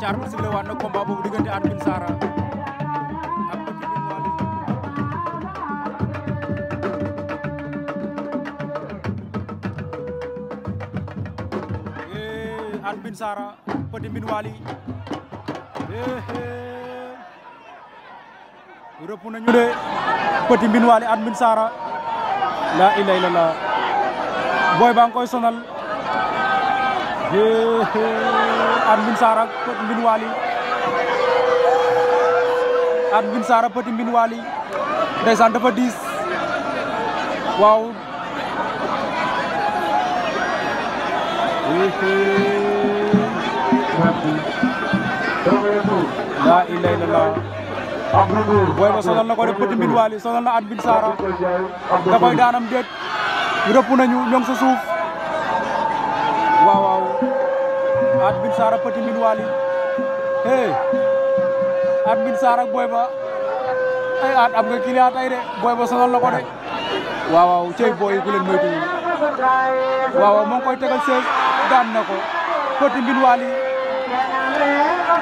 ci arbitre sifflé waat na combat boobu diggante Atou Pine Sara ak Petit Lille Wally eh Atou Pine Sara Petit Lille Wally eh, eh rëpp nañu de Petit Lille Wally Atou Pine Sara la ilaha illallah boy baa ngi sonal Admin Bin Sara Petit Mbine Waly Anne Bin Sara Petit Mbine Waly ndeysaan dafa diis waaw la, ilaaha illallaah booy ba sonal na ko de Petit Mbine Waly sonal na Anne Bin Sara da koy daanam déet rëpp nañu ñoom sa suuf waaw waaw Admin Sarah sara petit min hey Admin sara boy ba ay at am nga client ay de boy ba sonal lako de waaw waaw cey boy ku len moytu waaw waaw mo koy tegal sees dan nako petit bin wali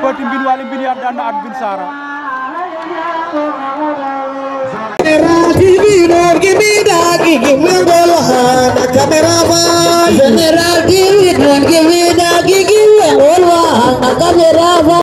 petit bin wali bin ya dan at bin sara Give me Radha